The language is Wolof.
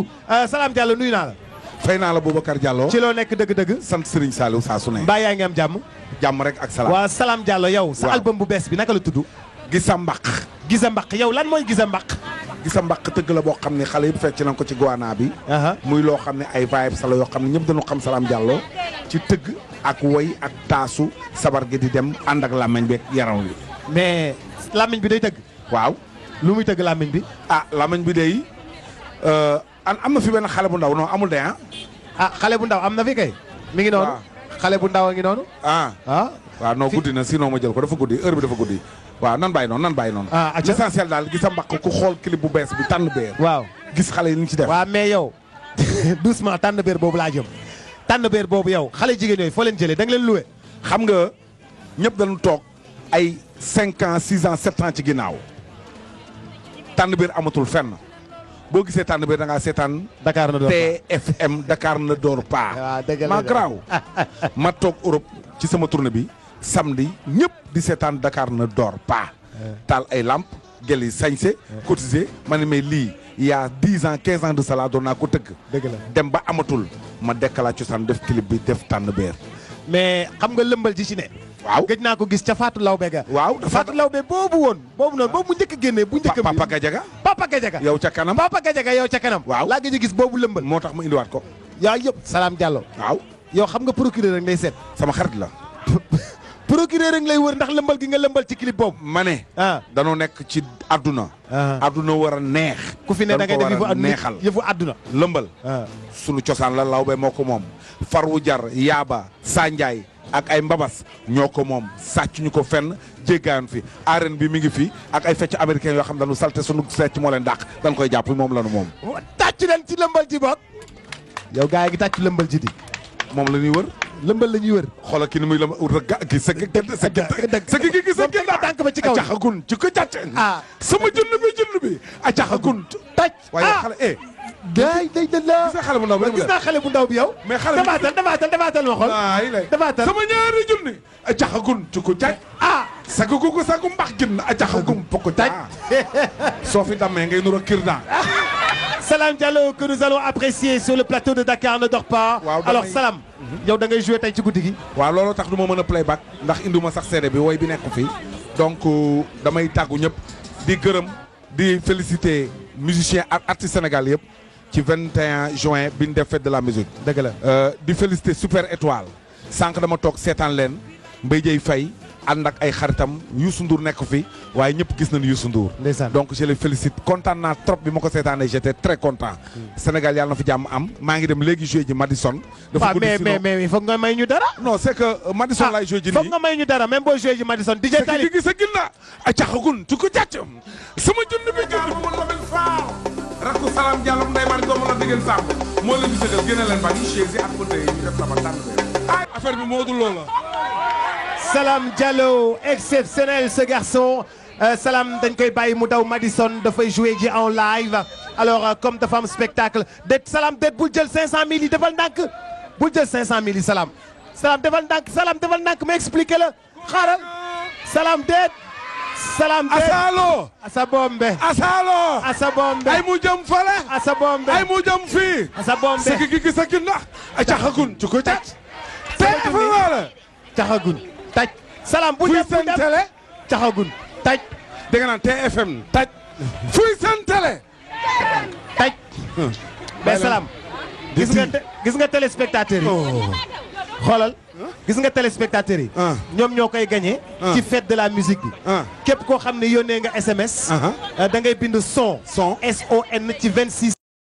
Aliou euh, Salam Diallo nuyu naa la. fay naa la Boubacar Diallo. ci loo nekk dëgg-dëgg. sant Serigne Saliou saa su ne. mbaa yaa ngi am jàmm. jàmm rek ak salaam. waaw Salam sa album bu bees bi naka la tudd. Gisa Mbaq. Gisa Mbaq yow lan mooy Gisa Mbaq. Gisa Mbaq tëgg la boo xam ne xale yëpp fecc nañ ko ci Goana bi. muy loo xam ne ay vibes la yoo xam ne ñëpp dañu xam Salam Diallo ci tëgg ak woy ak taasu sabar gi di dem ànd ak làmmiñ bi yaram wi mais làmmiñ bi day tëgg. waaw lu muy tëgg làmmiñ bi. ah làmmiñ bi euh, an am na fi benn xale bu ndaw non amul de ah. ah xale bu ndaw am na fi kay. mi ngi noonu xale bu ndaw a ngi noonu. ah ah. waaw non guddi na sinon ma jël ko dafa guddi heure bi dafa guddi. waaw nan bàyyi noonu nan bàyyi noonu. ah acca l'essentiel daal gis a mbaq ku xool clip bu bees bi tànn beer. waaw gis xale yi ñu ci def. waaw mais yow doucement tànn beer boobu laa jëm. tànn beer boobu yow xale jigéen yooyu foo leen jëlee da nga leen loué. xam nga ñëpp dañu toog ay 5 ans 6 ans 7 ci ginnaaw tànn beer amatul fenn. boo gisee tànn bi da ngaa seetaan. Dakar na door pas TFM Dakar ne dort pas. waaw ah, dëgg ma toog Europe ci sama tournée bi samedi ñëpp di seetaan Dakar ne dort pas. Eh. taal ay lamp gel yi sañse eh. cotisé ma ne mais lii il y a dix ans quinze ans de cela doon naa ko tëgg. dëgg dem ba amatul ma dekkalaat cosaan def clip bi def tànn beer. mais xam nga lëmbal ci ci ne. waaw gëj naa ko gis ca Fatou Lawbe ga waaw Fatou Lawbe boobu woon boobu noonu boobu mu njëkk a bu njëkk Papa Gajaga Papa Gajaga yow ca kanam Papa ga yow ca kanam waaw laa a gis boobu lëmbal moo tax ma indiwaat ko yaa yëpp Salam Diallo waaw yow xam nga procureur rek ngay seet sama xarit la procureur rek lay wër ndax lëmbal gi nga lëmbal ci clip boobu ma ne ah. danoo nekk ci adduna adduna ah. war a neex ku fi ne da ngay def neexal yëfu adduna lëmbal ah. sunu cosaan la Lawbe moo ko moom farwu jar yaaba sandiaay ak ay mbabas ñoo ko moom sàcc ñu ko fenn jéggaan fi arène bi mi ngi fi ak ay fecc américain yoo xam ne dañu salte sunu secc moo leen dàq dañ koy jàpp moom la moom. tàcc leen ci lëmbal ji boog. yow gaa yi ngi tàcc lëmbal ji di. moom la ñuy wër. lëmbal la ñuy wër. xoolal ki ni muy lëmbal ga ki sa ki sa ki sa ki tànk ba ci kaw caxagun ci ko càcc. ah sama junn bi junn bi a caxagun tàcc. waaye ah. xale eh. day day day la gis bu ndaw bi naa xale bu ndaw bi yow. mais xale bi dafaatal dafaatal dafaatal ma xool. dafaatal sama ñaari junni. a jaxagun ci ko jaaj. sagu gu ko sagu mbax gin a jaxagum po ko jaaj. Ah. soo fi dammee ngay nuroo kir naa. Salam Diallo que nous allons apprécier sur le plateau de Dakar ne dort pas. waaw alors Salam. Mhm. yow da ngay joué tey ci guddi gi. waa looloo tax du ma mën a playback ndax induma sax CD bi woy bi nekk fii donc euh, damay tàggu ñëpp di gërëm di féliciter musiciens ak artistes sénégalais yëpp. ci 21 juin bi ñu def fête de la musique. dëgg la euh, di félicité super étoile sànq dama toog seetaan leen Mbaye fay Faye ànd ak ay xaritam Youssou Ndour nekk fi waaye ñëpp gis nañu Youssou Ndour. donc je les félicite kontaan na trop bi ma ko seetaanee j'étais très content. Hmm. Sénégal yàlla na fa jàmm am maa ngi dem léegi joué ji Madison. dafa gudd mais mais mais foog nga may ñu dara. non c'est que euh, Madison ah, laay joué nga may ñu dara même boo ji Madison. DJ ko sama jund bi salaam Diallo Ndeye a leen bi moo dul loola Salam Diallo exceptionnel ce garçon euh, Salam dañ koy bàyyi mu daw Madison dafay jouer ji en live alors euh, comme dafa am spectacle déet Salam déet bul jël 500000 yi defal ndànk bul jël 500000 yi Salam Salam defal ndànk Salam defal la xaaral Salam déet. salam be asalo asabombe asalo asabombe ay mu jëm fale ay mu jëm fii asabombe sigi gigi na ay caxagun juko tac tf wala caxagun tac salam bu jëm seen caxagun tac da nga naan TFM tac fuy seen tac be salam gis nga gis yi oh. xoolal gis nga téléspectateurs yi. Ah. ñoom ñoo koy gagné. Ah. ci fête de la musique bi. Ah. képp koo xam ne yone nga SMS. Euh, da ngay bind son. son S O